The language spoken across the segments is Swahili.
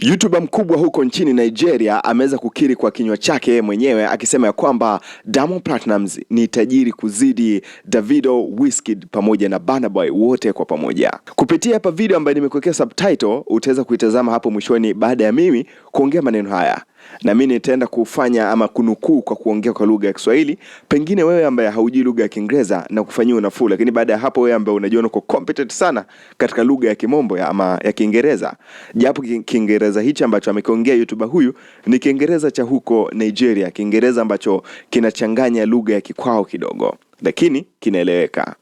YouTuber mkubwa huko nchini Nigeria ameweza kukiri kwa kinywa chake yeye mwenyewe akisema ya kwamba Diamond Platnumz ni tajiri kuzidi Davido, Wizkid pamoja na Burna Boy wote kwa pamoja. Kupitia hapa video ambayo nimekuwekea subtitle utaweza kuitazama hapo mwishoni baada ya mimi kuongea maneno haya na mimi nitaenda kufanya ama kunukuu kwa kuongea kwa lugha ya Kiswahili, pengine wewe ambaye haujui lugha ya Kiingereza na kufanyia unafuu, lakini baada ya hapo wewe ambaye unajiona uko competent sana katika lugha ya Kimombo ya ama ya Kiingereza, japo Kiingereza hichi ambacho amekiongea YouTuber huyu ni Kiingereza cha huko Nigeria, Kiingereza ambacho kinachanganya lugha ya kikwao kidogo, lakini kinaeleweka.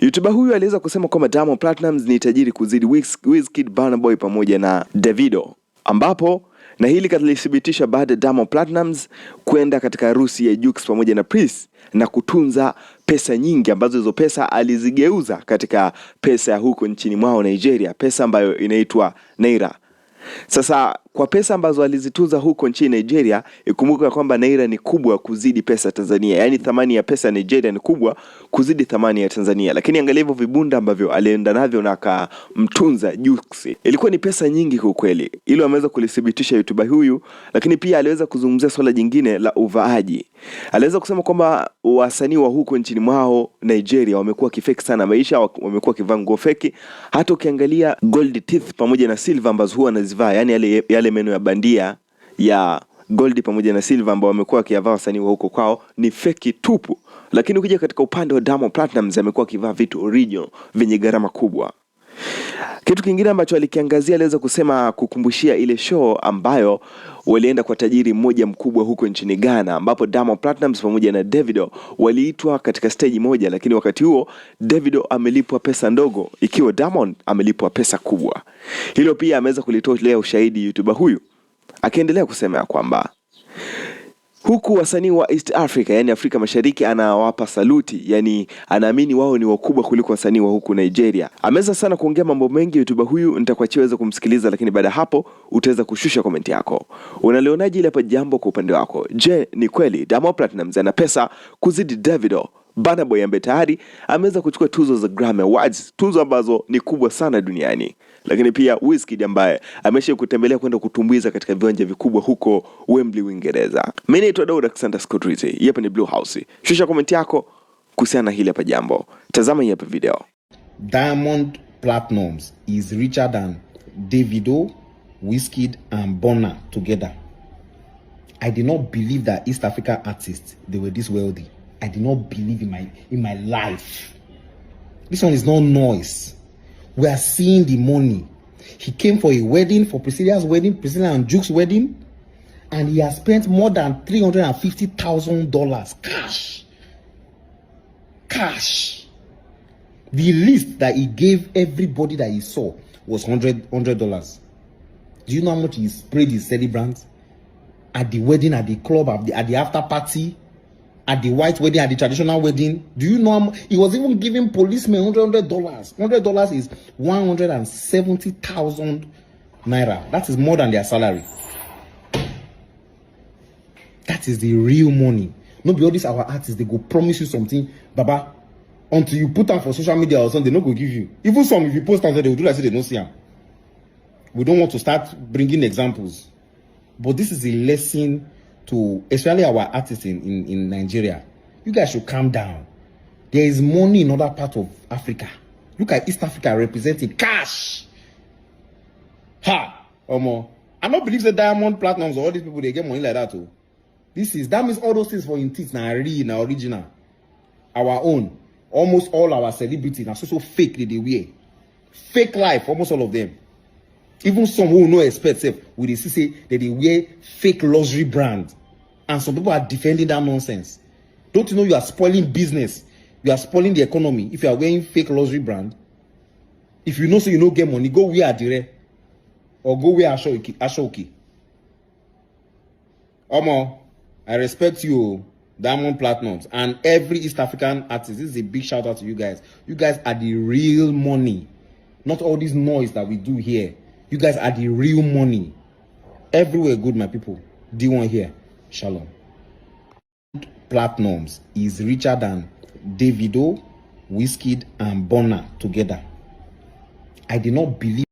YouTuber huyu aliweza kusema kwamba Diamond Platnumz ni tajiri kuzidi Wizkid, Burna Boy pamoja na Davido ambapo na hili kalithibitisha baada ya Diamond Platnumz kwenda katika harusi ya Jux pamoja na Prince na kutunza pesa nyingi ambazo hizo pesa alizigeuza katika pesa ya huko nchini mwao Nigeria, pesa ambayo inaitwa naira. Sasa kwa pesa ambazo alizituza huko nchini Nigeria, ikumbuka kwamba naira ni kubwa kuzidi pesa Tanzania, yaani thamani ya pesa ya Nigeria ni kubwa kuzidi thamani ya Tanzania. Lakini angalia hivyo vibunda ambavyo alienda navyo na akamtunza Jux, ilikuwa ni pesa nyingi kwa kweli. Hilo ameweza kulithibitisha YouTuber huyu, lakini pia aliweza kuzungumzia swala jingine la uvaaji. Aliweza kusema kwamba wasanii wa huko nchini mwao Nigeria wamekuwa kifeki sana maisha, wamekuwa wakivaa nguo feki. Hata ukiangalia gold teeth pamoja na silver ambazo huwa anazivaa yani yale, yale yale meno ya bandia ya goldi pamoja na Silva ambao wamekuwa wakiyavaa wasanii wa huko kwao ni feki tupu, lakini ukija katika upande wa Diamond Platnumz amekuwa akivaa vitu original vyenye gharama kubwa. Kitu kingine ambacho alikiangazia aliweza kusema kukumbushia ile show ambayo walienda kwa tajiri mmoja mkubwa huko nchini Ghana, ambapo Diamond Platnumz pamoja na Davido waliitwa katika stage moja, lakini wakati huo Davido amelipwa pesa ndogo, ikiwa Diamond amelipwa pesa kubwa. Hilo pia ameweza kulitolea ushahidi YouTuber huyu, akiendelea kusema ya kwamba huku wasanii wa East Africa yani Afrika Mashariki anawapa saluti, yani anaamini wao ni wakubwa kuliko wasanii wa huku Nigeria. Ameweza sana kuongea mambo mengi YouTuber huyu, nitakuachia uweze kumsikiliza, lakini baada hapo utaweza kushusha komenti yako. Unalionaje ile hapa jambo kwa upande wako? Je, ni kweli Diamond Platnumz ana pesa kuzidi Davido? Burna Boy ambaye tayari ameweza kuchukua tuzo za Grammy Awards, tuzo ambazo ni kubwa sana duniani. Lakini pia Wizkid ambaye amesha kutembelea kwenda kutumbuiza katika viwanja vikubwa huko Wembley, Uingereza. Mimi naitwa Daud Alexander Scott Ritchie. Hii hapa ni Blue House. Shusha comment yako kuhusiana na hili hapa jambo. Tazama hii hapa video. Diamond Platnumz is richer than Davido, Wizkid and Burna together. I did not believe that East Africa artists they were this wealthy. I did not believe in my in my life. This one is not noise. We are seeing the money. He came for a wedding, for Priscilla's wedding, Priscilla and Duke's wedding, and he has spent more than $350,000 cash. Cash. The list that he gave everybody that he saw was $100. $100. Do you know how much he sprayed his celebrants? At the wedding, at the club, at the, at the after party, at the white wedding at the traditional wedding do you know he was even giving policemen hundred hundred dollars hundred dollars is one hundred and seventy thousand naira that is more than their salary that is the real money no be all these our artists they go promise you something baba until you put am for social media or something they no go give you even some if you post am they will do like say they no see am we don't want to start bringing examples but this is a lesson to especially our artists in, in, in Nigeria. You guys should calm down. There is money in other parts of Africa. Look at East Africa representing cash. Ha! Omo. I don't believe the diamond platinums or all these people they get money like that too. Oh. This is that means all those things for in teeth now real now original. Our own. Almost all our celebrities now so so fake that they wear. Fake life, almost all of them. Even some who know expect self will they see that they wear fake luxury brand and some people are defending that nonsense don't you know you are spoiling business you are spoiling the economy if you are wearing fake luxury brand if you know so you no get money go wear adire or go wear asoke asoke omo i respect you diamond platinums and every east african artist this is a big shout out to you guys you guys are the real money not all this noise that we do here you guys are the real money everywhere good my people d1 here Shalom. Platinums is richer than Davido, Whiskey, and Bonner together. I did not believe.